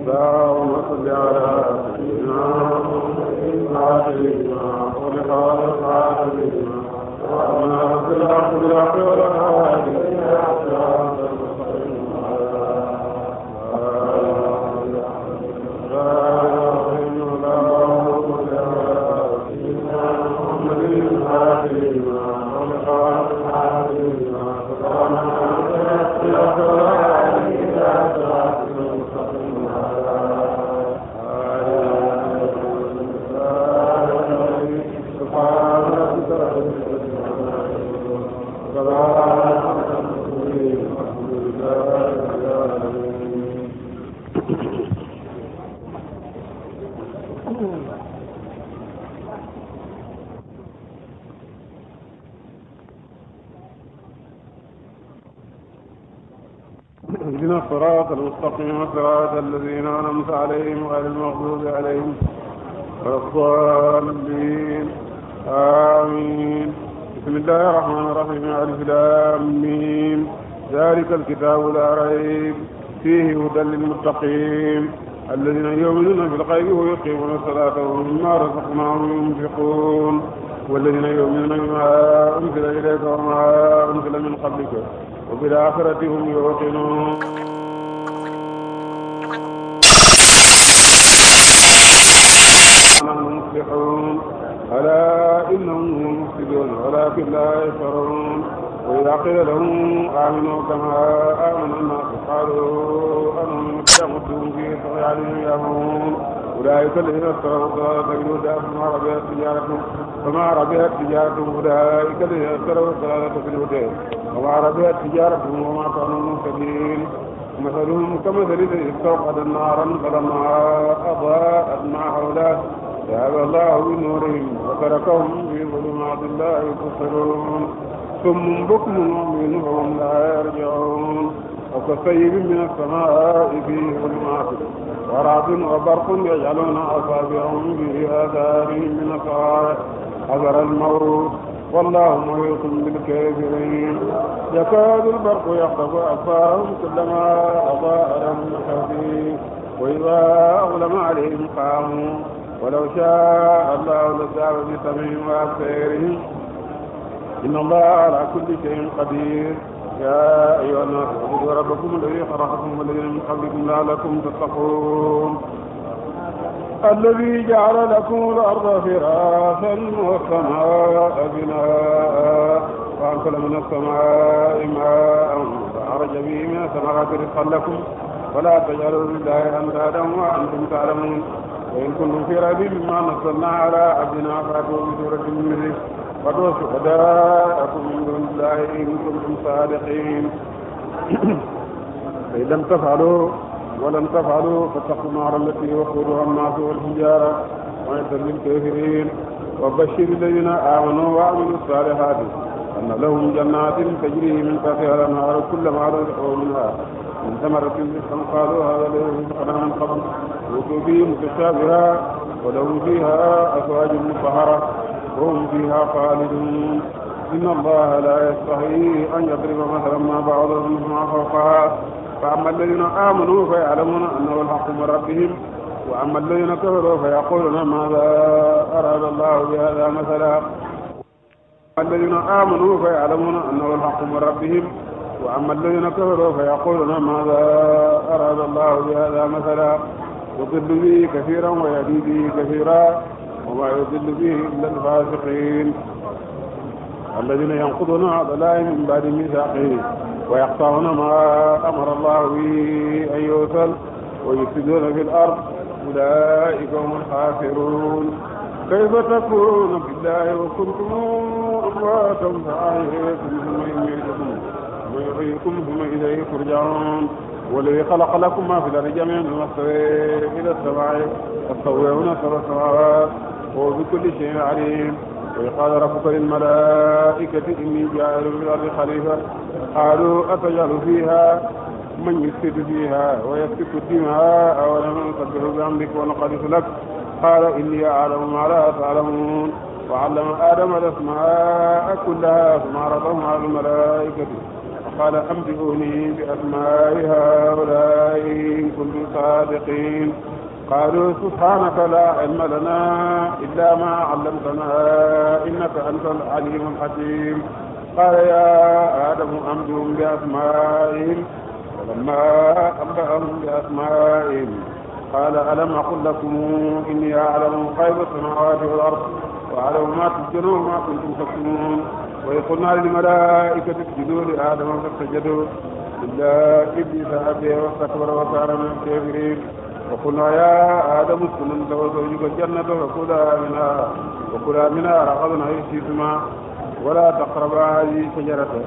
اللهم صل على سيدنا وسلم ولقاء العالمين وعلى اخر الاخر والاخر واقم الصراط الذين انعمت عليهم غير المغضوب عليهم ولا الضالين امين بسم الله الرحمن الرحيم الف لام ميم ذلك الكتاب لا ريب فيه هدى للمتقين الذين يؤمنون بالغيب ويقيمون الصلاة ومما رزقناهم ينفقون والذين يؤمنون بما أنزل إليك وما أنزل من قبلك وبالآخرة هم يوقنون يفقهون ألا إنهم مفسدون ولكن لا يشعرون وإذا قيل لهم آمنوا كما آمن الناس قالوا أنهم يمتون في طغيانهم يعمهون أولئك الذين اشتروا الضلالة بالهدى فما ربحت تجارتهم فما ربحت تجارتهم أولئك الذين اشتروا الضلالة بالهدى وما ربحت تجارتهم وما كانوا مهتدين مثلهم كمثل الذي استوقد نارا فلما أضاءت ما حوله ذهب الله بنورهم وتركهم في ظلمات لا يبصرون صم بكم مؤمن وهم لا يرجعون وكصيب من السماء فيه ظلمات ورعد وبرق يجعلون اصابعهم في اذانهم من الصواعق حذر الموت والله محيط بالكافرين يكاد البرق يخطف افاهم كلما اضاء لهم حفيه واذا اظلم عليهم قاموا ولو شاء الله لذهب بسمعهم وأبصارهم إن الله على كل شيء قدير يا أيها الناس اعبدوا ربكم الذي خلقكم والذين من قبلكم لعلكم تتقون الذي جعل لكم الأرض فراشا والسماء بناء وأنزل من السماء ماء فأخرج به من الثمرات رزقا لكم ولا تجعلوا لله أندادا وأنتم تعلمون وإن كنتم في ريب مما نزلنا على عبدنا فأتوا بسورة من مثله وادعوا شهداءكم من دون الله إن كنتم صادقين فإن لم تفعلوا ولن تفعلوا فاتقوا النار التي وقودها الناس والحجارة وأعدت للكافرين وبشر الذين آمنوا وعملوا الصالحات أن لهم جنات تجري من تحتها الأنهار كلما رزقوا منها من ثمرة رزقا قالوا هذا الذي رزقنا من قبل وأتوا به متشابها ولهم فيها أزواج مطهرة وهم فيها خالدون إن الله لا يستحي أن يضرب مثلا ما بعضهم ما فوقها فأما الذين آمنوا فيعلمون أنه الحق من ربهم وأما الذين كفروا فيقولون ماذا أراد الله بهذا مثلا الذين آمنوا فيعلمون أنه الحق من ربهم وأما الذين كفروا فيقولون ماذا أراد الله بهذا مثلا يضل به كثيرا ويهدي به كثيرا وما يضل به إلا الفاسقين الذين ينقضون عضلائهم من بعد ميثاقهم ويقطعون ما أمر الله به أن يوصل ويفسدون في الأرض أولئك هم الخاسرون كيف تكفرون بالله وكنتم أمواتا فأحييكم ثم يميتكم ويحييكم ثم إليه ترجعون والذي خلق لكم ما في الأرض جميعا واستوى إلى السماء تستوون سبع سماوات وهو بكل شيء عليم وإذ قال ربك للملائكة إني جاعل في الأرض خليفة قالوا أتجعل فيها من يفسد فيها ويسفك الدماء أولم نسبح بحمدك ونقدس لك قال إني أعلم ما لا تعلمون وعلم آدم الأسماء كلها ثم عرضهم على الملائكة قال أنبئوني بأسماء هؤلاء إن كنتم صادقين قالوا سبحانك لا علم لنا إلا ما علمتنا إنك أنت العليم الحكيم قال يا آدم أنبئهم بأسمائهم فلما أنبأهم بأسمائهم قال ألم أقل لكم إني أعلم غيب السماوات والأرض وأعلم ما تسجنون وما كنتم تكتمون wa iz qulnaa lil malaa'ikati usjuduu li aadama fasajaduu illaa ibliisa abayya wastakbara wa kaana minal kaafiriin wa qulnaa yaa aadamu uskun anta wa zawjuka al-jannata wa kulaa minhaa wa kulaa minhaa ragadan haysu shi'tumaa wa laa taqrabaa haadihi shajarata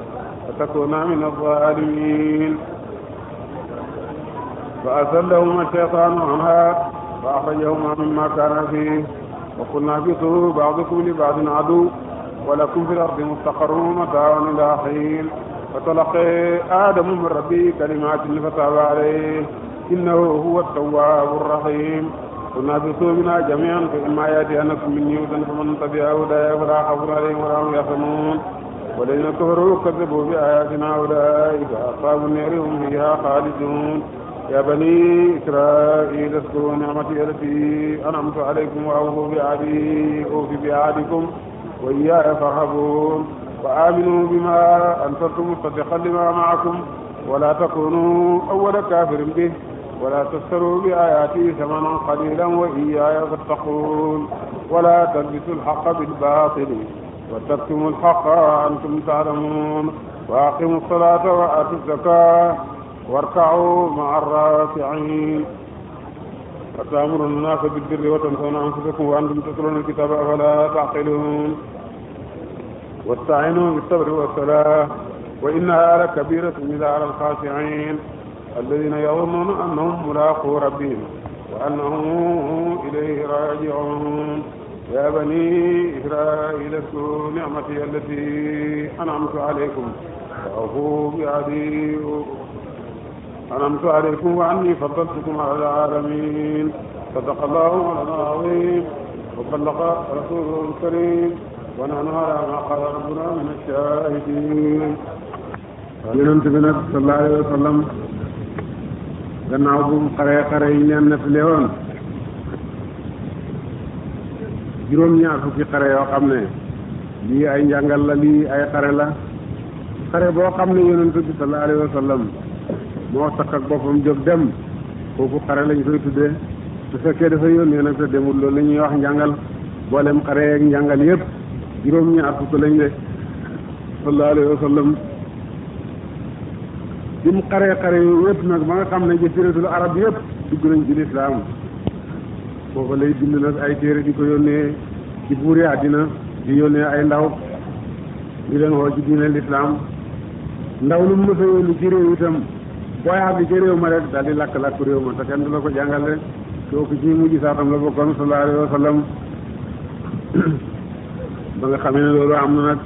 fatakuunaa mina az-zaalimiin فأزلهما الشيطان عنها فأخرجهما مما كانا فيه وقلنا اهبطوا بعضكم لبعض عدو ولكم في الأرض مستقر ومتاع إلى حين فتلقي آدم من ربه كلمات فتاب عليه إنه هو التواب الرحيم قلنا بثوبنا جميعا فإما يأتينكم مني هدى فمن تبع هداي فلا خوف عليهم ولا هم يحزنون والذين كفروا كذبوا بآياتنا أولئك أصحاب النار هم فيها خالدون يا بني إسرائيل اذكروا نعمتي التي أنعمت عليكم وأوفوا بعهدي أوفي بعهدكم وإياي فارهبون وآمنوا بما أنزلتم مصدقا لما معكم ولا تكونوا أول كافر به ولا تشتروا بآياتي ثمنا قليلا وإياي فاتقون ولا تلبسوا الحق بالباطل وتكتموا الحق أنتم تعلمون وأقيموا الصلاة وآتوا الزكاة واركعوا مع الراكعين atamuruna nasa bil birri wa tansawna anfusakum wa antum tatluna alkitaba afala taqilun wasta'inu bis-sabri was-salah wa innaha lakabiratun illa 'ala al-khashi'in alladhina yadhunnuna annahum mulaqu rabbihim wa annahum ilayhi raji'un ya bani israila اذكروا نعمتي التي أنعمت عليكم وأوفوا بعهدي أنمت عليكم وعني فضلتكم على العالمين صدق الله العظيم وبلغ رسوله الكريم ونحن على ما قال ربنا من الشاهدين yonent bi nag sallallahu alayhi wa sallam gannaaw bu mu xaree xare yi ñeen na fi leewoon juróom-ñaar fukki xare yoo xam ne lii ay njàngal la lii ay xare la xare boo xam ne yonent bi sallallahu alayhi wa sallam moo takk ak boppam jóg dem kooku xare lañu koy tuddee su fekkee dafa yónnee nag te demul loolu la ñuy wax njàngal boolem xare yeeg njàngal yëpp juróom-ñaar fukk lañ de sallallahu alayhi wa sallam arab yëpp dugg nañ ci lislaam foofa lay bind nag ay téere di ko yónnee ci buuri àddina di yónnee ay ndaw di leen xoo ci diine lislaam ndaw lu mu mës a yónni ci réew itam booy àgg ci réew ma rek daal di lakk lakk réew ma te kenn la ko jàngale kooku ci mujj saatam la bokkoon sallallahu alayhi wa sallam ba nga xamee ne loolu am na nag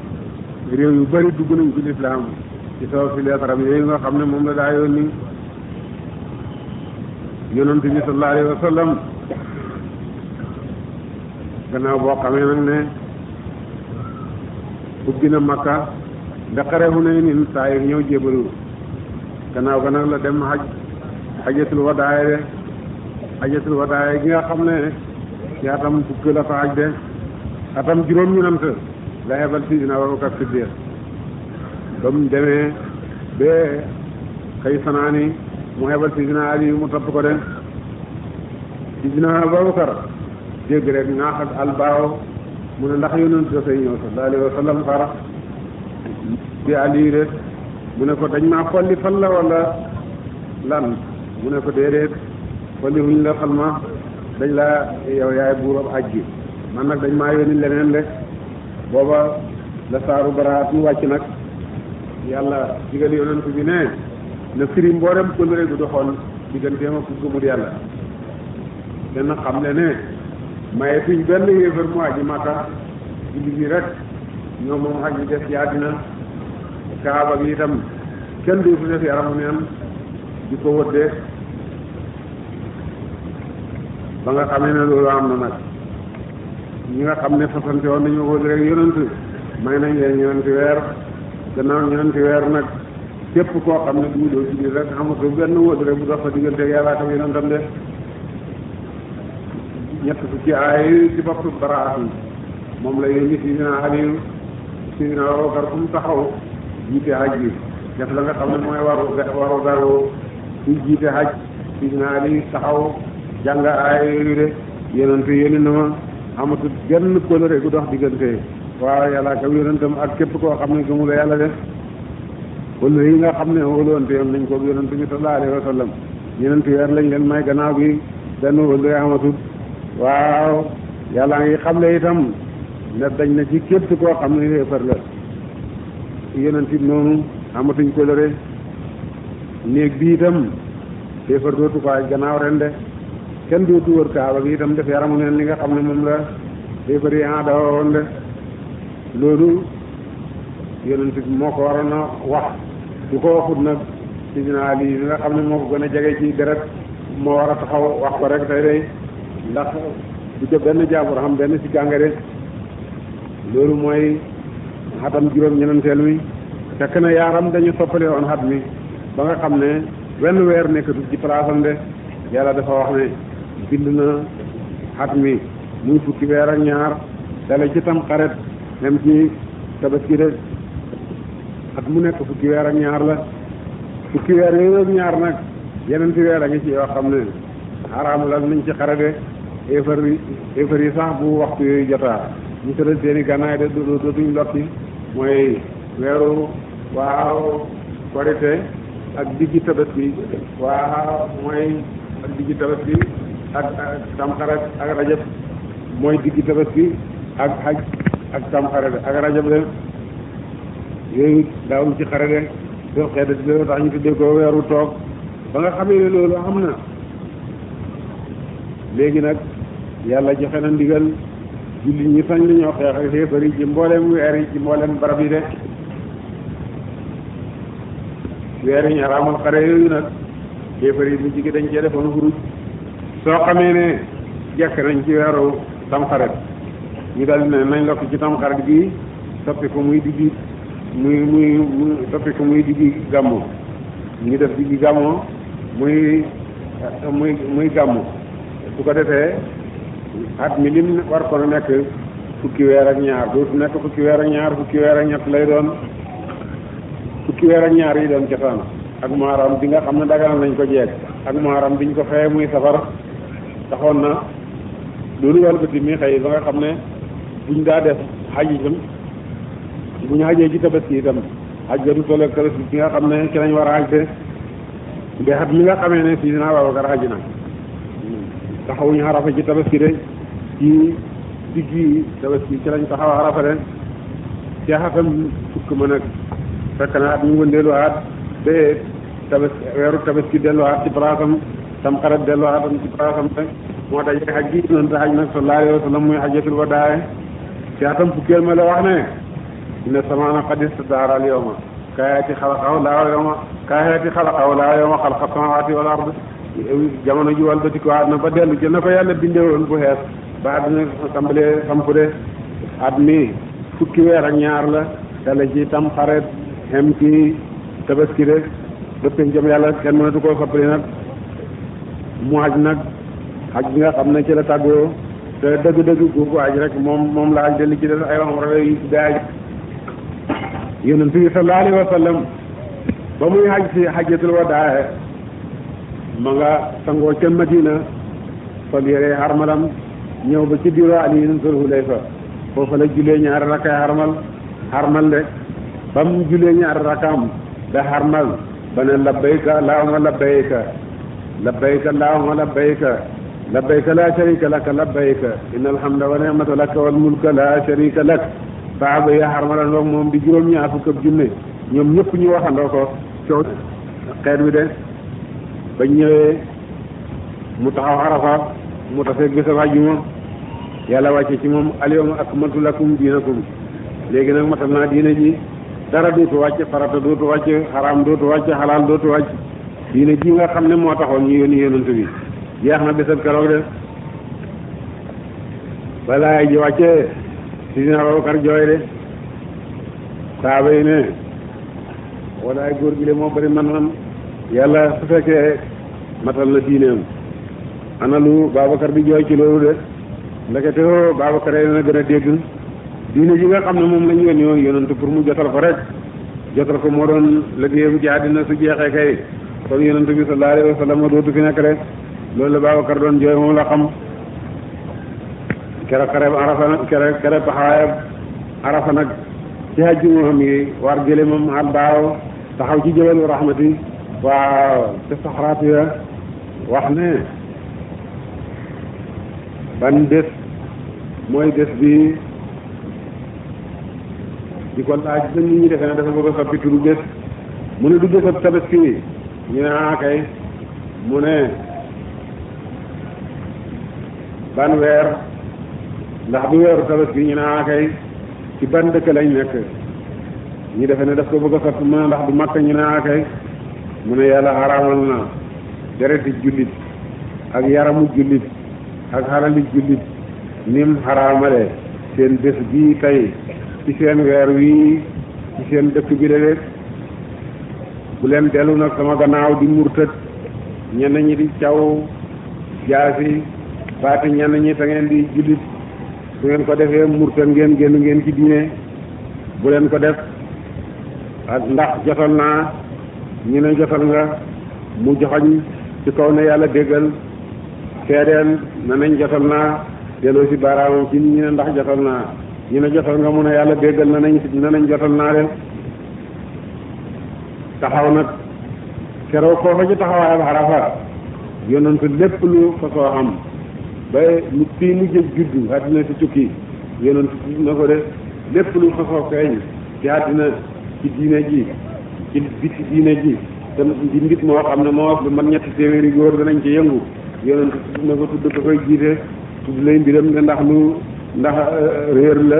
réew yu bari dugg nañ ci lislaam ci soo fi leetaram yooyu nga xam ne moom la daa yónni yonent bi sallallahu alayhi wa sallam gannaaw boo xamee nag ne ubbi na makka ndax xare fu ne saa yi ñëw jébalu gannaaw ga nag la dem xaj xajatul wadaay de xajatul wadaay gi nga xam ne ci atam fukk la fa xaj de atam juróom ñunant la xebal sidina Abubakar Siddiq ba mu demee dégg rek naax ak albaaw mu ne ndax yonent dafay ñëw sallallahu alayhi wa sallam xara di Ali de mu ne ko dañ maa xolli fan la wala lan mu ne ko déedéet xolli wuñ la fan ma dañ laa yow yaay buur ab aj gi man nag dañ maa yónni leneen rek booba la saaru baraat mu wàcc nag yàlla digal yonent bi ne na firi mboolem kóllëre gu doxoon digganteem ak ku gëmul yàlla dana xam le ne maye fiñ benn yéefar mu aji màkka jullit yi rek ñoom moom xaj yi des ci àddina kaaba gi itam kenn duutu def yaramu neen di ko wëddee ba nga xamee ne loolu am na nag ñi nga xam ne fasante woon nañu ko rek yonent may nañ leen ñeenti weer gannaaw ñeenti weer nag képp koo xam ne duudoo ci biir rek amatu benn wóot rek bu dox sa diggante yàlla ak yonentam de ñett fukki aay ci bopp baraat moom la yéen si dina Aliou si dina Abubakar fu mu taxaw jiite xaj bi def la nga xam ne mooy waru waru garoo kuy jiite xaj sidna Ali taxaw jàng aaya yooyu de yonente yónni na ma amatul genn kóllëre gu dox diggante waaw yàlla ak yonentam ak képp koo xam ne yàlla de kóllëre yi nga xam ne wóoloonte yoon nañ ko yonente bi sallallahu alayhi wa sallam ñeneen weer lañ leen may gannaaw gi benn wóllëre amatul waaw yàlla ngi xam le itam ne dañ na ci képp koo xam ne yéefar la yonent it noonu amatuñ kóllëre néeg bi itam kéefar dootu ko aj gannaaw ren de kenn dootu wër kaaba gi itam def yaramu neen li nga xam ne moom la kéefar yi ah de loolu yonent bi moo ko waroon a wax du ko waxut nag sidina Ali li nga xam ne moo ko gën a jege ci deret moo war a taxaw wax ko rek tey day ndax du jëf benn jaabur xam benn si gàngare loolu mooy xatam juróom-ñenenteel wi fekk na yaaram dañu soppale woon xat mi ba nga xam ne wenn weer nekkatul ci palaasam de yàlla dafa wax ne bind na xat mi muy fukki weer ak ñaar dale ci tam xaret même ci tabaski de at mu nekk fukki weer ak ñaar la fukki weer yooyu ñaar nag yeneen weer a ngi ci yoo xam ne xaraam lan nañ ci xare de éefar yi sax bu waxtu yooyu jotaa ñu tëral seeni gannaay de dootuñ lokki mooy weeru waaw korite ak diggi tabaski waaw mooy ak diggi tabaski ak tamxaret ak rajab mooy diggi tabaski ak xaj ak tamxaret ak rajab de yooyu daawuñ ci xare de doo xedda di loolu tax weeru toog ba nga xamee ne loolu am na léegi nag yàlla joxe na ndigal julli ñi sañ nañoo xeex ak xeefar yi ci mbooleem weer yi ci mbooleem barab yi de weer yi ñu ji xare yooyu nag xeefar yi mujj gi dañ cee defoon xuruj soo xamee ne jekk nañ ci weeru tamxaret ñu daal ne nañ lokk ci tamxaret gi soppi ko muy diggi muy muy soppi ko muy diggi gàmmu ñu def diggi gàmmu muy muy muy gàmmu su at mi lim war ko nekk fukki weer ak ñaar dootu nekk fukki weer ak ñaar fukki weer ak ñett lay doon fukki weer ak ñaar yi doon cosaan ak maaram bi nga xam ne daganal nañ ko jeeg ak maaram ñu ko feye muy safar taxoon na loolu wàllu bët mi xëy ba nga xam ne buñ daa def xaj itam buñ xajee ci tabaski itam xaj ba du toll ak tabaski bi nga xam ne ci lañ war a xaj de mais mi nga xamee ne fii dinaa Babacar xaj na. taxawuñu xarafa ci tabaski de ci digg yi tabaski ci lañ taxaw xarafa de ci xatam fukk mën a fekk na at ñu wëndeeluwaat ba tabaski weeru tabaski delluwaat ci palaasam tam xarat delluwaatam ci palaasam de moo tax xaj gi noonu te xaj nag sallallahu alayhi muy xajatul wadaa ci xatam fukkeel ma la wax ne inna samaana qad istadaara al yawma kaayati xalaqahu laa yawma kaayati xalaqahu laa yawma xalaqa samaawaati wal ard jamono ji walbati ko aat na ba dellu ci na ko yàlla bindewoon bu xees ba àdduna tàmbalee samp de at mi fukki weer ak ñaar la dale ci tam xaret xem ci tabaski de dëppee jëm yàlla kenn mënatu koo soppali nag mu aj nag aj bi nga xam ne ci la tàggoo te dëgg-dëgg googu aj rek moom moom la aj de li ci ay wax rek yu ci aj yonent bi sallallahu alayhi wa ba muy aj si xajatul wadaa ma nga sangoo ca Madina sol yére xarmalam ñëw ba ci biiru Aliyu sul Hulayfa foofa la jullee ñaari rakkaay xarmal xarmal rek ba mu jullee ñaari rakkaam da xarmal ba ne labbayka laahumma labbayka labbayka laahumma labbayka labbayka laa sharika laka labbayka innal hamda wa ni'mata laka wal mulka laa sharika lak saaba ya xarmalan moom di juróom ñaar fukk ak junne ñoom ñëpp ñu waxandoo ko coow xeet wi de bañ ñëwee mu taxaw Arafa mu tase bésab àjjuma yàlla wàcce ci moom alyawma akmaltu lakum diinakum léegi nag matal naa diina ji dara dootu wàcc farata dootu wàcc xaraam dootu wàcc xalaal dootu wàcc diina ji nga xam ne moo taxoon ñu yónni bi jeex na bésab keroog de balaa ji wàccee sidina Abubakar jooy de saaba yi ne walaay góor gi de moo bari man-man yàlla su fekkee matal na diineem ana lu Babacar bi jooy ci loolu de ndekete yoo Babacar yi na gën a dégg diine ji nga xam ne moom lañ yoon yoon yonent pour mu jotal ko rek jotal ko moo doon liggéeyam ci àddina su jeexee kay kon yonent bi sallallahu alayhi wa sallam dootu fi nekk rek loolu la Babacar doon jooy moom la xam kere xareb arafa kere kere taxawaayam nag ci hajji xam yi war gëléemam al baaw taxaw ci jëbalu rahmati waaw te saxaraat ya wax ne ban bés mooy bés bi di ko laaj ba nit ñi defe ne dafa bëgg a soppi turu bés mu ne du bésab tabaski ñu ne ah kay mu ne ban weer ndax du weeru tabaski ñu ne ah ci ban dëkk lañ nekk ñu defe ne def ko bëgg a soppi mu ne ndax du makka ñu ne ah mu ne yàlla xaraamal na dereti jullit ak yaramu jullit ak xarali jullit nim xaraamale seen bés bii tey ci seen weer wii ci seen dëkk bi de bu leen dellu nag sama gannaaw di murtët ñenn ñi di caw jaasi baati ñenn ñi te ngeen di jullit su ngeen ko defee murtët ngeen génn ngeen ci diine bu leen ko def ak ndax jotal naa ñu ne jotal nga mu joxañ ci kaw ne yàlla déggal seedeel na nañ jotal naa delloo si baaraamam ci ñu ne ndax jotal naa ñu ne jotal nga mu ne yàlla déggal na nañ na nañ jotal naa leen taxaw nag keroog koo fa ci taxawaayam Arafa yonentu lépp lu fasoo am ba mu fii mu jëg juddu àddina si tukki yonentu na ko de lépp lu fasoo feeñ ci àddina ci diine ji ci biti ne ji te di nit moo xam ne moo wax man ñetti téeméeri góor nañ ci yëngu yonent tudd na ko tudd ko koy jiite tudd lay mbiram ne ndax lu ndax euh, réer la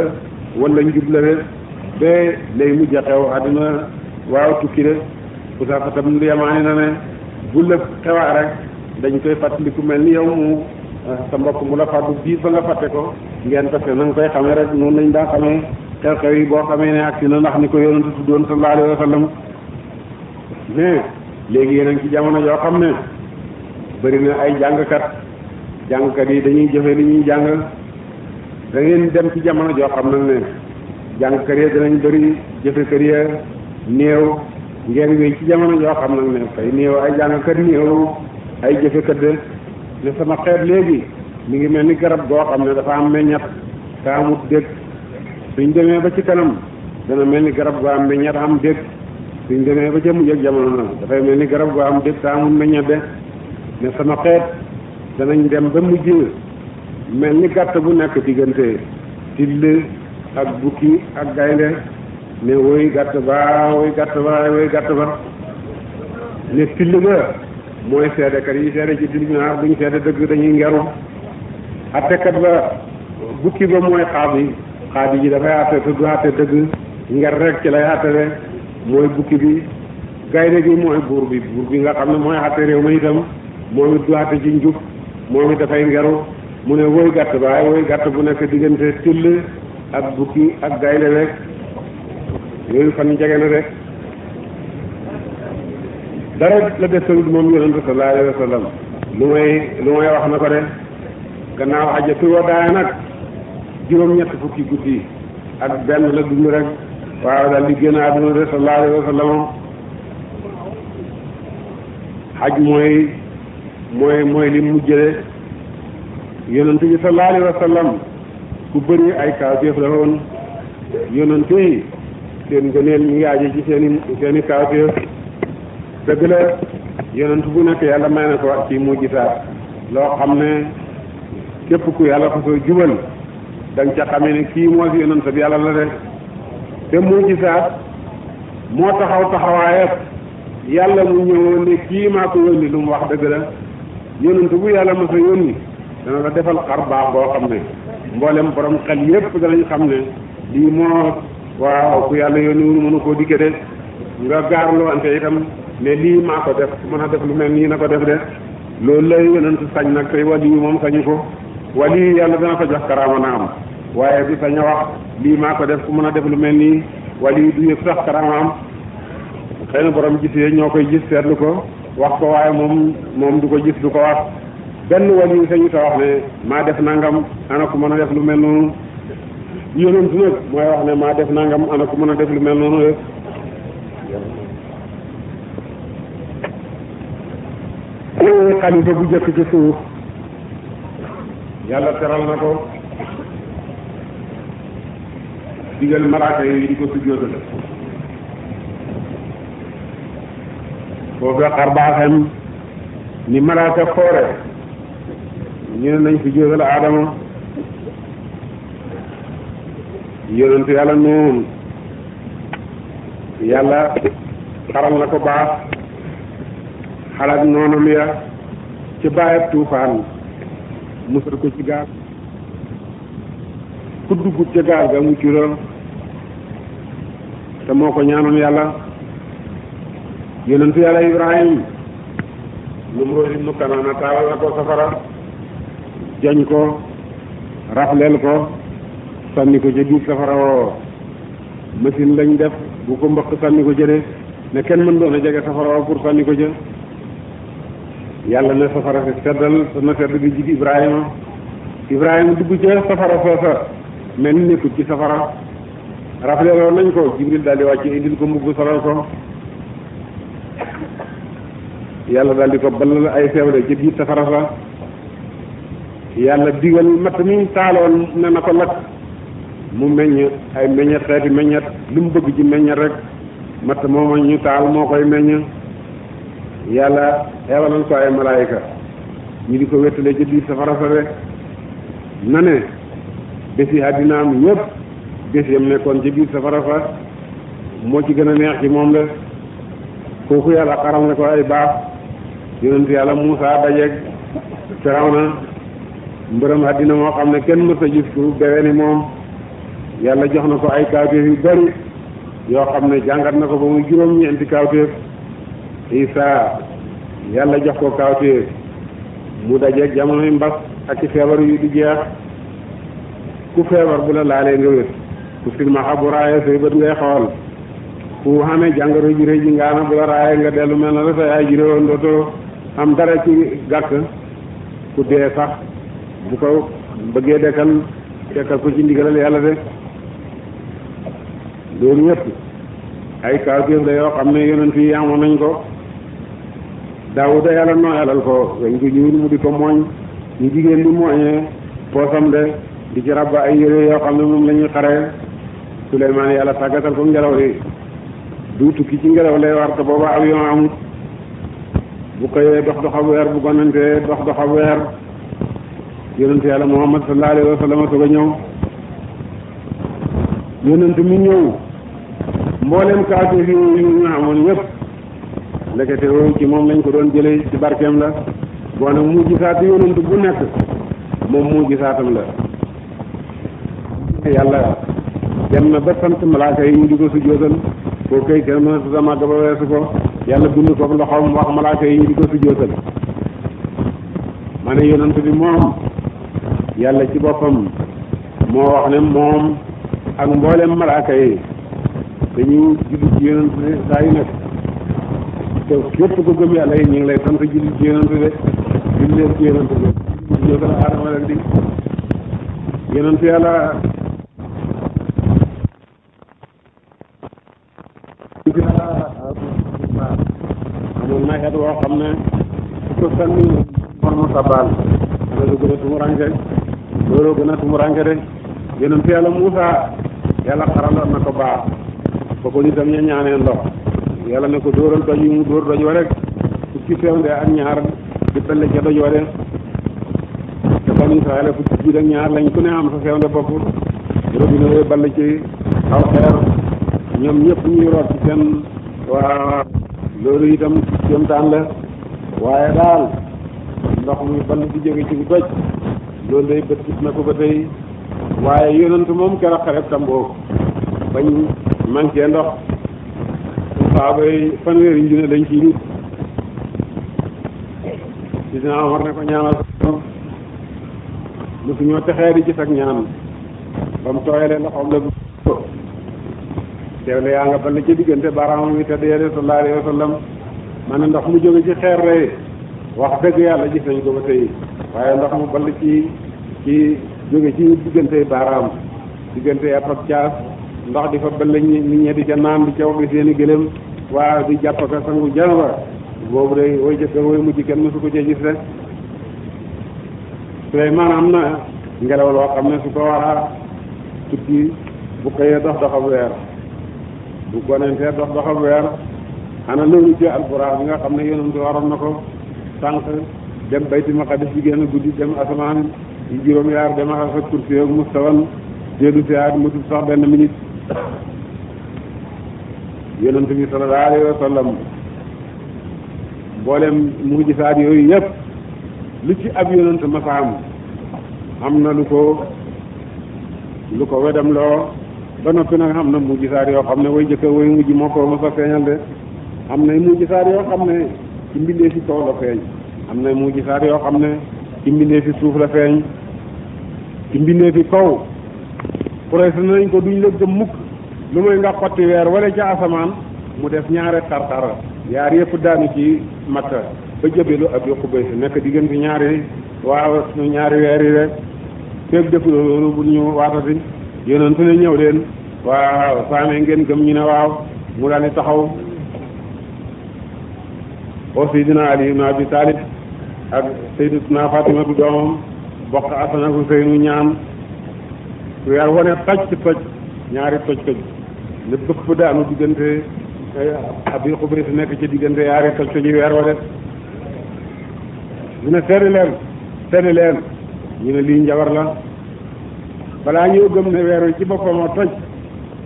wala njub la rek ba lay mujj a xew àdduna waaw tukki de Xusaafa tam lu yamaani na ne bu la xewaa rek dañ koy fàttaliku mel ni yow mu euh, sa mbokk mu la fàddu biir ba nga fàtte ko ngeen tase na nga koy xamee rek noonu lañ daa xamee xew-xew yi boo xamee ne agsi na ndax ni ko yonent tuddoon sallallahu ne léegi yéen ci jamono joo xam ne bëri na ay jàngkat jàngkat yi dañuy jëfe ni ñuy jàng da ngeen dem ci jamono joo xam ne ne jàngkat yi danañ bëri jëfekat yi néew ngeen wéy ci jamono joo xam ne ne fay néew ay jàngkat néew ay jëfekat de ne sama xeet léegi mi ngi mel ni garab goo xam ne dafa am meññat te amut dégg suñ demee ba ci kanam dana mel ni garab goo am meññat am dégg suñ demee ba jëm yëg jamono na dafay mel ni garab goo am dëkk amul na ñebe ne sama xeet danañ dem ba mujj mel ni gàtt bu nekk diggante till ak bukki ak gaynde ne woy gàtt ba woy gàtt ba woy gàtt ba ne till ba mooy seedekat yi seede ci tribunal bu ñu seede dëgg dañuy ngeru attekat ba bukki ba mooy xaab yi xaab yi ji dafay atte te du dëgg nger rek ci lay atte de mooy bukki bi gaynde bi mooy buur bi buur bi nga xam ne mooy àtte réew ma itam moom it du àtte ci njub moom it dafay ngeru mu ne woy gàtt baay woy gàtt bu nekk diggante till ak bukki ak gaynde rek yooyu fan jege rek dara la des tamit moom yonente sallallahu alayhi wa sallam lu may lu may wax na ko de gannaaw xajatul wadaa nag juróom-ñett fukki guddi ak benn la dund rek waaw daal di génn àdduna de sallallahu alayhi wa xaj mooy mooy mooy li mujjële yonent bi sallallahu alayhi wa sallam ku bëri ay kaawteef la woon yonent yi seen gëneel ñu ngi aje ci seen i seen i dëgg la yonent bu nekk yàlla may na ko ci mujjisaat loo xam ne képp ku yàlla ko soo jubal da nga ca xamee ne kii moo fi yonent bi yàlla la de te muujisaat moo taxaw taxawaayat yàlla mu ñëwoon ne kii maa ko yónni lu mu wax dëgg la yonent bu yàlla ma sa yónni dana la defal xar baax boo xam ne mboolem borom xel yépp danañ xam ne lii moo waaw ku yàlla yónni wul mënu koo dikke de nga gaarloo ante itam ne lii maa ko def mën a def lu mel nii na ko def de loolu la yonent sañ nag tey wali yi moom sañu ko wali yàlla dana ko jox karaama na am waaye du sañ a wax lii maa ko def ku mën a def lu mel nii wala yu du yëg sax karamaam xëy gisee ñoo koy gis seetlu ko wax ko waaye moom moom du ko gis du ko wax benn wàll yi sañu ta wax ne maa def nangam ana ku mën a def lu mel noonu yonent mooy wax ne maa def nangam ana ku mën a def lu mel noonu rek xalifa bu jëkk ci suuf yàlla teral na ko digal malaaka yi di ko sujjóotal foofu xar baaxem ni malaaka foore ñu ne nañ sujjóotal aadama yonentu yàlla noonu yàlla xaral na ko baax xalaat noonam ya ci bàyyab tuufaan musal ko ci gaal ku duggut ca gaal ga mucc la te moo ko ñaanoon yàlla yonentu yàlla ibrahim Numruud ibnu Kanaana taalal na ko safara joñ ko rafleel ko sànni ko ca biir safara woo machine lañ def bu ko mbëq sànni ko ca de ne kenn mën doon a jege safara woo pour sànni ko ca yàlla ne safara si seddal sama sedd bi jig Ibrahima Ibrahima dugg ca safara soosa mel ni nekkut ci safara rafetaloon nañ ko jibril daal di wàcce indil ko mbubb solal ko yàlla daal di ko balal ay feewle ci biir safara yàlla diwal matt mi taaloon ne na ko lakk mu meññ ay meññet xeeti meññet lu mu bëgg ci meññet rek matt mooma ñu taal moo koy meññ yàlla yabaloon ko ay malaayika ñu di ko wettalee ci sa de na ne bési àddinaam yëpp bés yam nekkoon ci biir safara fa moo ci gën a neex ci moom de kooku yàlla xaram ne ko ay baax yonent yàlla Muusa dajeeg Firawna mbërëm àddina moo xam ne kenn mësa gis ku ni moom yàlla jox na ko ay kawteef yu bari yoo xam ne jàngat na ko ba muy juróom-ñeenti kawteef Isaa yàlla jox ko kawteef mu dajeeg jamonoy mbas ak i feebar yu di jeex ku feebar bu la laalee nga wér ku silmaxa bu raaya say bët ngay xool ku xamee jàngoro ji rëy ji bu la raaya nga dellu mel na la sa yaay ji réewoon dootoo am dara ci gàkk ku dee sax bu ko bëggee dekkal dekkal ko ci ndigalal yàlla de loolu yëpp ay kaawteef la yoo xam ne yonent yi amoon nañ ko daawuda yàlla nooyalal ko dañ ko ñëwul mu di ko mooñ ñu jigéen di mooñee poosam de di ci rabba ay yére yoo xam ne moom la ñuy Souleymane yàlla tàggatal ko ngelaw li du tukki ci ngelaw lay war te booba avion amut bu xëyee dox dox ab weer bu gonantee dox dox ab weer yonent yàlla Muhammad sallallahu a ñëw yonent mi ñëw mboolem kaafir yu ñu amoon yëpp ndekete ci moom lañ ko doon jëlee ci barkeem la boo nag mu gisaatu yonent bu nekk moom mu gisaatam la yàlla dem na ba sant malaaka yi ñu di ko sujjóotal koo koy kenn mënatu sa màgg ba weesu ko yàlla bind ko loxoom wax malaaka yi ñu di ko sujjóotal ma ne yonent moom yàlla ci boppam moo wax ne moom ak mboolem malaaka yi dañu judd ci yonent de saa yu nekk képp ko gëm yàlla yi ñu ngi lay sant julli ci yonent de julli leen ci yonent de sujjóotal aadama leen di yonent yàlla màggat woo xam ne suuf sax nit ñi mën mu sabbaal loolu gën a tumuranke loolu gën a tumuranke de yonent yàlla Muusa yàlla xaraloon na ko baax ba ko nitam ña ñaanee ndox yàlla ne ko dóoral doj yi mu dóor doj wa rek fukki feew de ak ñaar di tëlle ca de te banu Israayla fukki jiit ak ñaar lañ ku ne am sa feew de bopp robinet yooyu ball ci aw xeer itam kéemtaan la waaye daal ndox muy ball di jóge ci doj loolu day bët na ko ba tey waaye yonent moom keroog xareb Tamboo bañ manqué ndox saaba yi fanweeri njune lañ ciy nit si dina Omar ne ko ñaanal mosu ñoo texee di gis ak ñaan ba mu tooyalee yaa nga ball ci diggante baaraamam wi te deere sallallahu alayhi wa sallam maanaam ndox mu jóge ci xeer rey wax dëgg yàlla gis nañ ko ba tey waaye ndox mu ball ci ci jóge ci diggante baaraam diggante yàpp ak caas ndox di fa ball ñi nit di ca naan di ca wax di seeni gëléem waaw di jàpp sa sangu janaba boobu day woy jëkk woy mujj kenn mësu ko ca gis rek am na ngelaw loo xam ne su ko war a bu xëyee dox doxab weer bu a dox doxab weer xanaa loolu ci alxuraan bi nga xam ne yonent bi na ko sànq dem bayti maqadis bi génn guddi dem asamaan yi juróom yaar dem ak kursi ak mustawan dellu si aat mu sax benn minute yonent bi sallallahu alayhi wa sallam mboolem mujjisaat yooyu yëpp lu ci ab yonent masaam am na lu ko lu ko wedam loo ba noppi nag am na mujjisaat yoo xam ne way jëkk way mujj moo ko mos a de am na mujjisaat yoo xam ne ci am na mujjisaat yoo xam ne ci mbindee fi suuf la feeñ ci mbindee fi kaw presse nañ ko duñ la gëm mukk lu mooy nga xotti weer wala ca asamaan mu def ñaare tartara yaar yëpp daanu ci matta ba jëbelu ab yokku bay si nekk diggante ñaari waaw ñaari weer yi rek fépp def loolu bu ñu waatati yonentu ne ñëw leen waaw saamee ngeen gëm ñu ne waaw mu daal di taxaw wa sayyidina ali ibn abi talib ak sayyidatuna fatimatu doomam bokk asan ak useynu ñaan weer wane toj toj ñaari toj toj ne daanu diggante eh, abi xubaysi nekk ci diggante yaari toj toj yi weer wa def ne seede leen seede leen ñu ne lii njabar la balaa ñëw gëm ne weer wi ci boppam a toj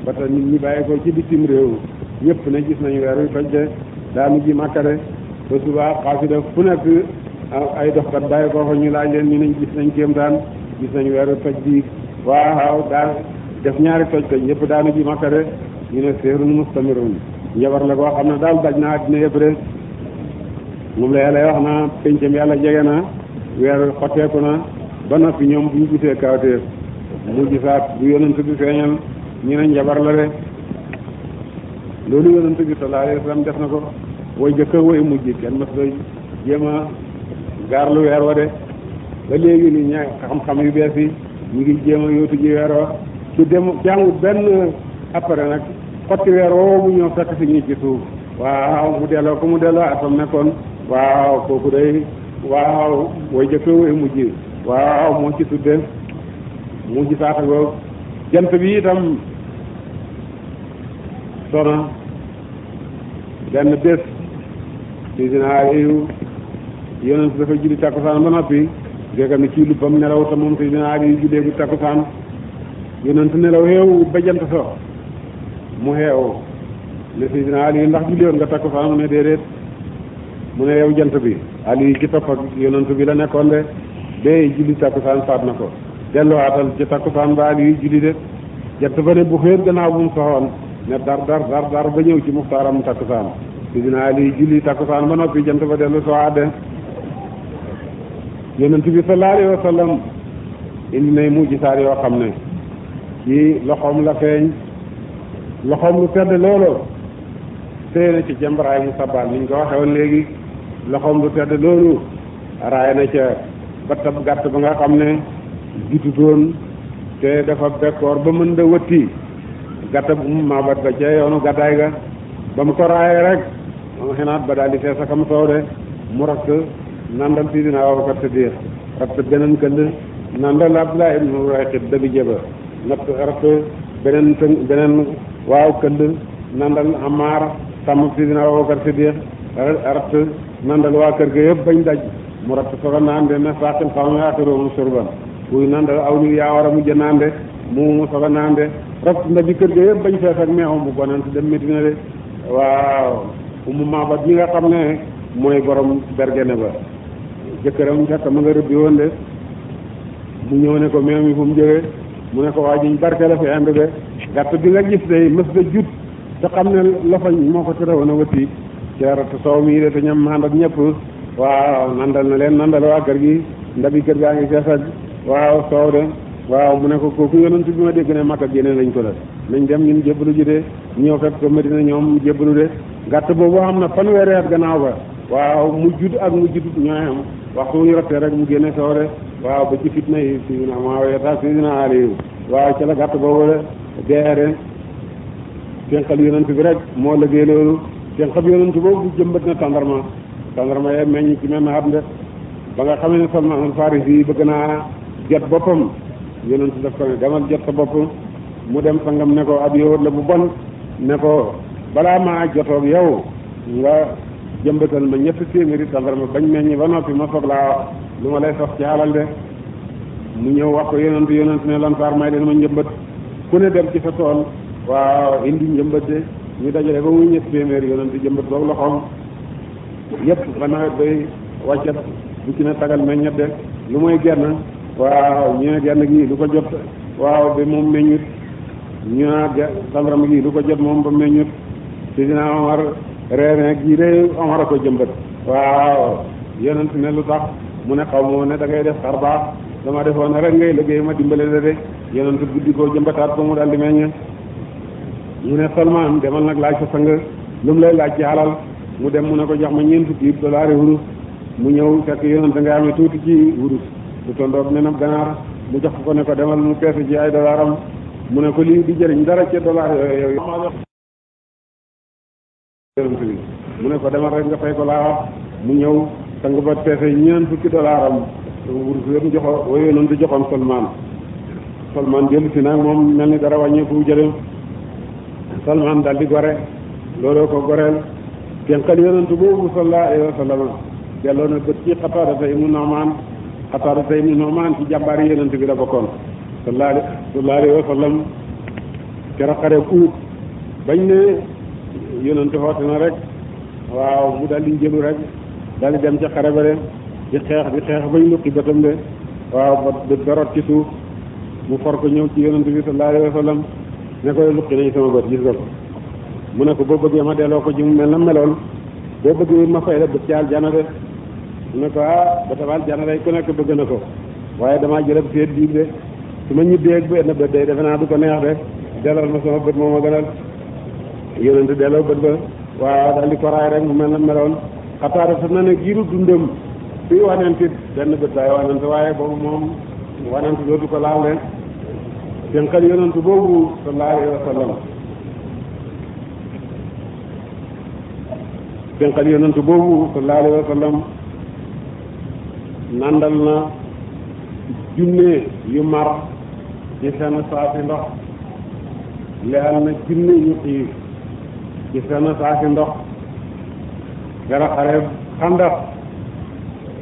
ba nit ñi bàyyi ko ci bitim réew ñëpp ne gis nañu weer wi toj de daanu ji màkka ba subaa xaafida fu nekk ay doxkat bàyyi ko fa ñu laaj leen ñu nañ gis nañ kéem daan gis nañ weeru toj bi waaw daal def ñaari toj toj ñëpp daanu ji makka de ñu ne séerun mustamirun njabar la koo xam ne daal daj na àddina yëpp de moom la yàlla wax na pencam yàlla jege na weer xotteeku na ba noppi ñoom bu ñu gisee kawteef mu gisaat bu yonent bi feeñal ñu ne njabar la de loolu yonent bi sallallahu alayhi wa sallam def na ko way jëkk way mujj kenn mas la jéem a gaar lu weer wa de ba léegi ni ña xam-xam yu bees yi ñu ngi jéem a yóotu ji weer wa ci dem ci amul benn appareil nag xotti weer woo mu ñëw fekk si ñu ci suuf waaw mu delloo ko mu delloo atam nekkoon waaw kooku day waaw way jëkk way mujj waaw moo ci tudde mu gisaata ko jant bi itam sona benn bés Seydina Aliyu yonent dafa julli takkusaan ba noppi géega ni ci luppam nelaw te moom Seydina Aliyu julleegu takkusaan yonent nelaw xeew ba jant so mu xeew ne Seydina Aliyu ndax julli woon nga takkusaan mu ne déedéet mu ne yow jant bi Aliyu ci topp ak yonent bi la nekkoon de bee julli takkusaan faat na ko delluwaatal ci takkusaan ba Aliyu julli de jant ba ne bu xéer gannaaw bu mu soxoon ne dar dar dar dar ba ñëw ci muxtaaram takkusaan sidina ali julli takkusaan ba noppi jant ba dellu soo àdde yonent bi sallallahu alayhi wa sallam indi nay mujjisaar yoo xam ne ci loxoom la feeñ loxoom lu tedd loolu téye na ci jëmb raay mu sabaan ni ñu ko waxe woon léegi loxoom lu tedd loolu raay na ca battab gàtt ba nga xam ne gitutoon te dafa bekkoor ba mën da wëtti gàtt bu mu maabat ba ca yoonu gàttaay ga ba mu ko raayee rek man xinaat ba daal di fees akam soow de mu rakk nandal sidina Abubakar Siddiq ratt beneen kënd nandal Abdullah ibn Urayqit dabi jëba natt ratt beneen të beneen waaw kënd nandal Ammaar sàmm sidina Abubakar Siddiq ratt nandal waa kër ga yëpp bañ daj mu ratt a naande na saqil xawma yaakaroom surban kuy nandal aw ñu yaa war a mujj naande mu soga naande ratt ndabi kër ga yëpp bañ fees ak meew bu boneen dem métti na de waaw umu maaba bi nga xam ne mooy borom bergene ba jëkkëram fekk ma nga rëbbi woon de mu ñëw ko meew mi fu mu jógee mu ne ko waa jiñ barke la fi ànd de gàtt bi nga gis day mës da jut te xam ne lofañ moo ko tere woon a wëti ceerate soow mii de te ñam ànd ak ñëpp waaw nandal na leen nandal waa kër gi ndabi kër gaa ngi fees ak waaw soow de waaw mu ne ko kooku yonent bi ma dégg ne Makka génne nañ ko la nañ dem ñun jébbalu ji de ñëw fekk ko Medina ñoom jébbalu de gàtt boobu am na fanweeri at gannaaw ba waaw mu judd ak mu judd ñooy am waxtu wu ñu rottee rek mu génne soow de waaw ba ci fitna yi sidina Muawiya sidina Ali waaw ca la gàtt boobu de deere tenqal yonent bi rek moo liggéey loolu tenqal yonent boobu jëmbat na tàndarma tàndarma yee meññ ci même xam de ba nga xam ne Salman Farisi bëgg naa jot boppam yonent daf ko ne demal jot mu dem sangam ne ko ab yowat la bu bon ne ko balaa maa jotoog yow nga jëmbatal ma ñetti téeméeri safar ma bañ meññi ba noppi ma soog laa lu ma lay sox ci alal de mu ñëw wax ko yonent yonent ne lan saar may leen ma njëmbat ku ne dem ci sa tool waaw indi njëmbat de ñu dajale ba muy ñetti téeméeri yonent jëmbat boobu loxoom yëpp ba nawet bay wàccat bu ci ne tagal meññat de lu mooy genn waaw ñu ne genn gi lu ko jot waaw bi moom meññut ñu àgg samram gi du ko jot moom ba meññut sidina Omar reene gii de Omar a ko jëmbat waaw yonent ne lu tax mu ne xaw moo ne da ngay def xar baax dama defoon rek ngay liggéey ma dimbale la de yonent guddi koo jëmbataat ko mu daal di meññ ñu ne Salman demal nag laaj sa sang lu mu lay laaj ci alal mu dem mu ne ko jox ma ñeent fukki dolari wurus mu ñëw fekk yonent ngay amee tuuti ci wurus bu tondoog nenam ganaar mu jox ko ne ko demal mu peese ji ay dolaram mu ne ko lii jëriñ dara ca dollar bi mu ne ko demal rek nga fay ko mu ñëw sang ba peese ñeent fukki dollar am wurus yëpp joxo wooyu yonent joxoon Salman Salman dellu si nag moom mel ni dara wàññeeku jële Salman dal di gore looloo ko goreel tenqal yonent boobu sallallahu alayhi wa sallam delloo na bët ci Xataada ibnu Nu'maan Xataada ci jàmbaari yonent bi la bokkoon sallallahu alayhi wa sallam keroog xare uut bañ ne yonent xoote na rek waaw mu daal di jëlu rek daal di dem ca xare ba de di xeex di xeex bañ luqi bëtam de waaw ba dorot ci suuf mu for ko ñëw ci yonent bi sallallahu alayhi wa sallam ne koy luqi nañ sama bët gis nga mu ne ko boo bëggee ma delloo ko ji mu mel na meloon boo bëggee ma fay la bët ci aljana de mu ne ko ah ba aljana day ku nekk bëgg na ko waaye dama jëlab féet biig de su ma ñibbee ak benn bët day defe naa du ko neex de delloo ma sama bët moom a gënal yonent delloo ba waaw daal ko raay rek mu mel na meloon xataa def na ne giiru dundam suy wanantit benn bët day wanante waaye boobu moom wanante dootu ko laal de jënqal yonent boobu sallallahu alayhi wa sallam jënqal yonent boobu nandal na junne yu mar ci seen saafi ndox li am na jinne yu xiir ci seen saafi ndox gara xare xandar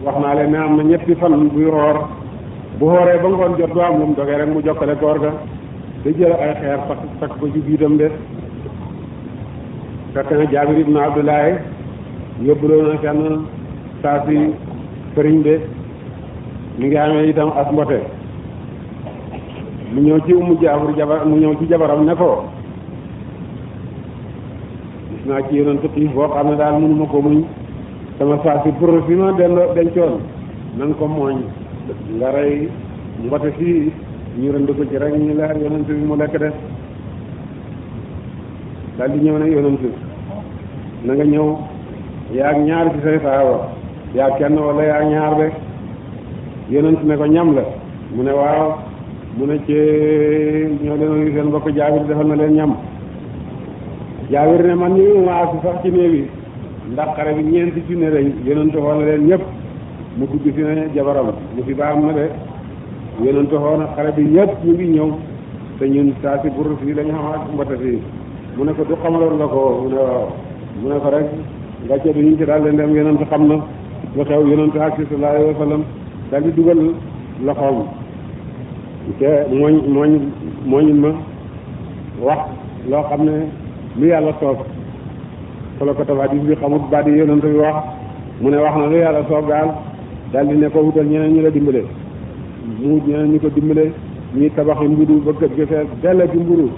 wax naa leen ne am na ñetti fan buy roor bu xooree ba ngoon jot du am dogee rek mu jokkale koor ga da jël ay xeer takk takk ko ci biitam de fekk na jaabir ibn abdoulaye yóbbuloo na kenn saa si sëriñ de mi ngi amee itam as mbote mu ñëw ci umu jaafur jabar mu ñëw ci jabaram ne ko gis naa ci yonent xiif boo xam ne daal mënuma ko muñ sama saa si pour fi ma dendoo dencoon nan ko mooñ nga rey mbote fii ñu rënd ko ci rek ñu leer yonent mu lekk des di ñëw ne yonent na nga ñëw yaag ñaar say saaba yaag kenn wala yaag ñaar rek yonent ne ko ñam la mu ne waaw mu ne ci ñoo leen seen mbokk jaabir defal na leen ñam jaabir ne man ñu ma agsi sax ci néew ndax xare bi ñeenti junne lañ yonent xoo na leen ñëpp mu dugg si ne jabaram mu si baam na de yonent xoo na xare bi ñëpp ñu ngi ñëw te ñun saa si bur fii lañ xam ak mbata fii mu ne ko du xamaloon nga ko mu ne mu ne ko rek nga ce bi ñu ci daal leen dem yonent xam na lu xew yonent agsi sallallahu alayhi wa sallam daal dugal loxoom te mooñ mooñ mooñu wax loo xam ne lu yàlla soob solo ko tafaat bi xamut baat yi yonent bi wax mu ne wax na lu yàlla soob daal daal di ne ko wutal ñeneen ñu la dimbale mu wut ñeneen ñu ko dimbale ñuy tabaxi mburu ba gëj gëfee della ci mburu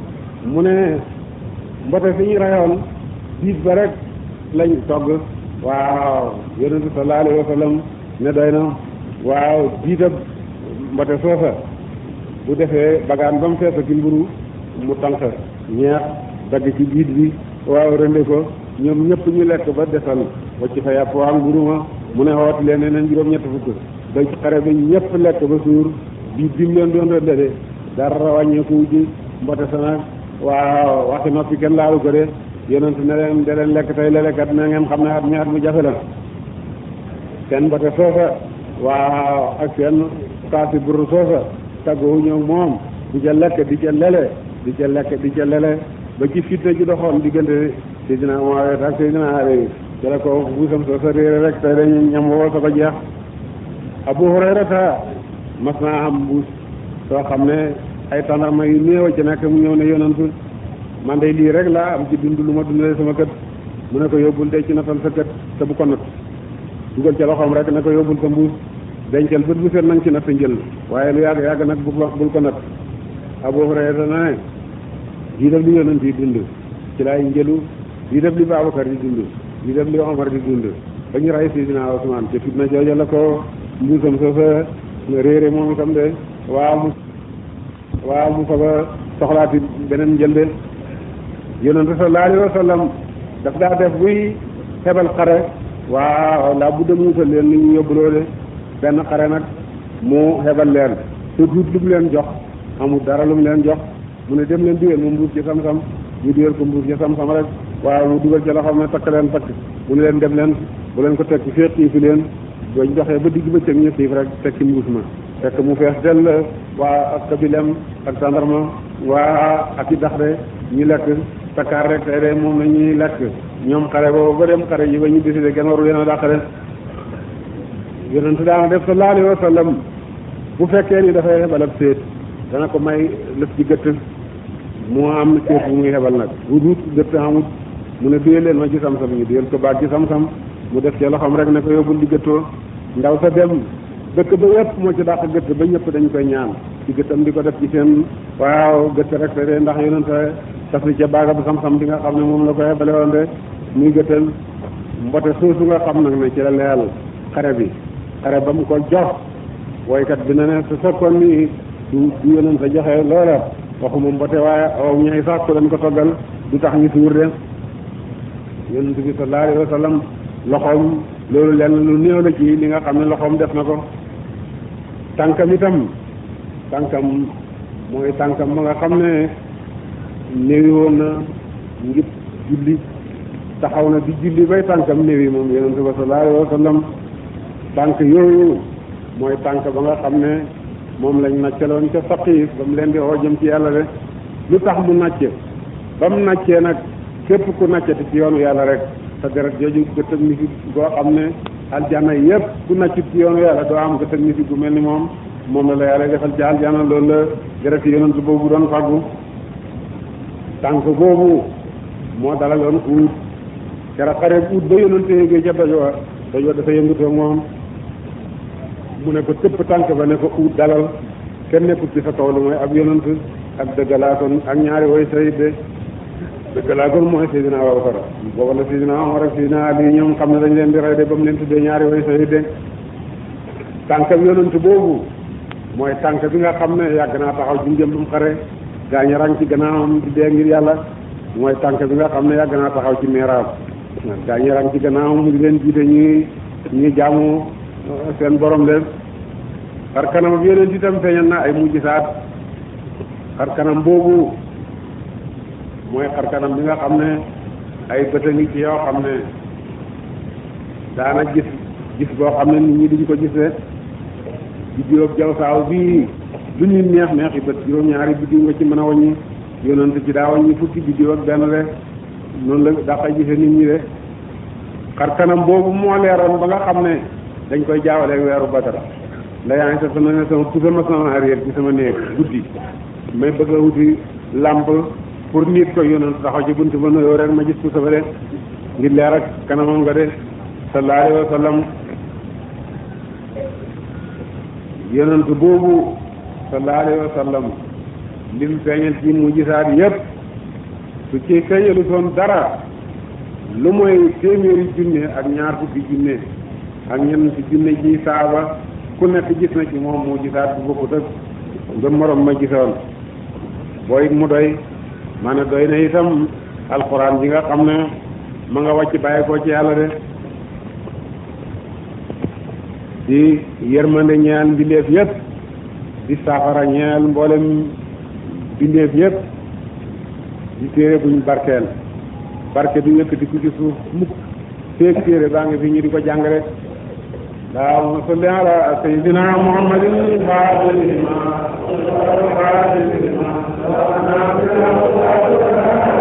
mu ne mbote fi ñu rayoon diit ba rek lañ togg waaw yonent sallallahu alayhi ne doy na waaw diitab mbote soosa bu defee bagaan ba mu fees ak mburu mu tànq ñeex dagg ci biit bi waaw rënde ko ñoom ñëpp ñu lekk ba desal wacc fa yàpp waa mburu ma mu ne xoot leen ne nañ juróom-ñett fukk ba xare bi ñëpp lekk ba suur bi dim leen doon doon de dara wàññeeku ji mbote sa nag waaw waxi noppi kenn laalu ko de yonent ne leen de leen lekk tey lelekat na ngeen xam ne at mi mu jafe la seen mbote soosa waaw ak seen saasi buru soosa tàggoowuñu ak moom di ca lekk di ca lele di ca lekk di ca lele ba ci fitna ji doxoon diggante Seydina Muawiya ak Seydina Ali ca la ko buusam soo sa réere te dañu ñam woo sa ko jeex Abu Hurayrata mas naa am buus soo xam ne ay tàndarma yu néew ci nekk mu ñëw ne yonantu man de lii rek laa am ci dund lu ma dundalee ma kët mu ne ko yóbbul de ci natal sa kët te bu ko nat dugal ca loxoom rek ne ko yóbbul sa mbuus dencal bët bu set nang ci natt njël waaye lu yàgg yàgg nag bul ko natt Abu Hurayra na ne di def li yonent yi dund ci laay njëlu di def li Babacar di dund di def li Omar di dund ba ñu ray Sidina Usmaan te fitna jooja la ko mbuusam sa sa réere moom itam de waaw mu waaw mu soxlaati beneen njël de yonent sallallahu alayhi wa daf daa def buy xebal xare waaw laa bu dem musal leen li ñu yóbbuloo de benn xare nag mu xebal leen te duut lu mu leen jox amul dara lu mu leen jox mu ne dem leen dugal mu mbuur ci sam-sam ñu dugal ko mbuur ci sam-sam rek waaw mu dugal ci loxoom ne takk leen takk mu ne leen dem leen bu leen ko teg fee xiifi leen bañ doxee ba digg bëccëg ñu xiif rek teg ci mbuus ma fekk mu fees dell waa ak kabilem ak sandarma waa ak i daxre ñu lekk takkaar rek tey de moom la ñuy lekk ñoom xare boobu ba dem xare yi ba ñu décidé kenn waru leen a dàqare yonentu daana def sallallahu alayhi wa sallam bu fekkee ni dafay xebal ab séet dana ko may lëf ci gëtt moo am séet bu muy xebal nag bu duut gëtt amut mu ne duyal leen ma ci samsam ñu duyal ko baat ci samsam mu def ci loxoom rek ne ko yóbbul di gëttoo ndaw sa dem dëkk ba yëpp moo ci dàq gëtt ba ñëpp dañ koy ñaan ci gëttam di ko def ci seen waaw gëtt rek te ndax yonent taf li ca baaga bu samsam bi nga xam ne moom la ko xebale woon de muy gëttal mbote suusu nga xam nag ne ci la leyal bi xare ba mu ko jox woykat bi na ne su fekkoon ni du du yónent sa joxe loola waxu moom ba te waaye aw ñay sax ku leen ko toggal du tax ñu suur de yónent bi sallallahu alayhi wa sallam li nga xam ne loxoom def na ko tànkam itam tànkam mooy tànkam nga xam ne néewi woon na di julli bay tànkam néewi moom yonente ba sallallahu banque yooyu mooy banque ba nga xam ne moom lañ naccaloon ca faqiir ba mu leen di oo jëm ci yàlla de lu tax mu nàcce ba mu nàccee nag képp ku nàccati ci yoonu yàlla rek sa deret jooju gëtëg misig goo xam ne aljanna yépp ku nàccut ci yoonu yàlla doo gu mel ni moom moom la la yàlla defal ci aljanna loolu la deret yonent boobu doon faggu tànk boobu moo dalaloon uut kera xare uut ba yonent yéegee ca doj wa doj wa dafa yëngutoo moom mu ne ko tëpp tànk ba ne ko uut dalal kenn nekkul ci sa kaw lu mooy ab yonant ak dëggalaakoon ak ñaari way sayid de dëggalaakoon mooy Seydina Abubakar booba la Seydina Omar ak Seydina bi ñoom xam ne dañ leen di rey de ba mu leen tuddee ñaari way sayid de tànkam yonant boobu mooy tànk bi nga xam ne yàgg naa taxaw junjëm bu mu xare gaañ rang ci gannaawam di dee ngir yàlla mooy tànk bi nga xam ne yàgg naa taxaw ci meeraam gaañ ci gannaawam di leen jiite ñuy ñuy seen borom leen xar kanam ak yeneen itam feeñal na ay mujjisaat xar kanam boobu mooy xar kanam bi nga xam ne ay bët a ngi ci yoo xam ne daana gis gis boo xam ne nit ñi duñ ko gisee biddiw ak jaw saaw bi lu ñuy neex neexi bët juróom-ñaari biddiw nga ci mën a waññi yonent ci daa waññi fukki biddiw ak benn de noonu la dafa gisee nit ñi de xar kanam boobu moo leeroon ba nga xam ne dañ koy jaawale ak weeru badar nda yaa ngi sa sama ne sama pusa ma sama arrière ci sama néeg guddi may bëgg a wuti làmp pour nit ko yonent taxaw ci buntu ba nuyoo rek ma gis pusa ba de ngir leer ak kanamam nga de sallallahu alayhi wa yonent boobu sallallahu alayhi wa sallam mu feeñal ci mu gisaat yépp su ci feeñalu soon dara lu mooy téeméeri junne ak ñaar fukki junne ak ñenn ci jinne ji saaba ku nekk gis na ci moom mu gisaat bu bokkut ak ba morom ma gisoon booy mu doy maanaam doy na itam alxuraan ji nga xam ne ma nga wàcc bàyyi ko ci yàlla de di yërmande ñeel mbindeef yépp di saafara ñeel mboolem mbindeef yépp di téere buñ barkeel barke du yëkkati ku ci mukk féeg téere baa ngi fi ñu di ko jàng rek اللهم صل على سيدنا محمد الفاتح لما الفاتح لما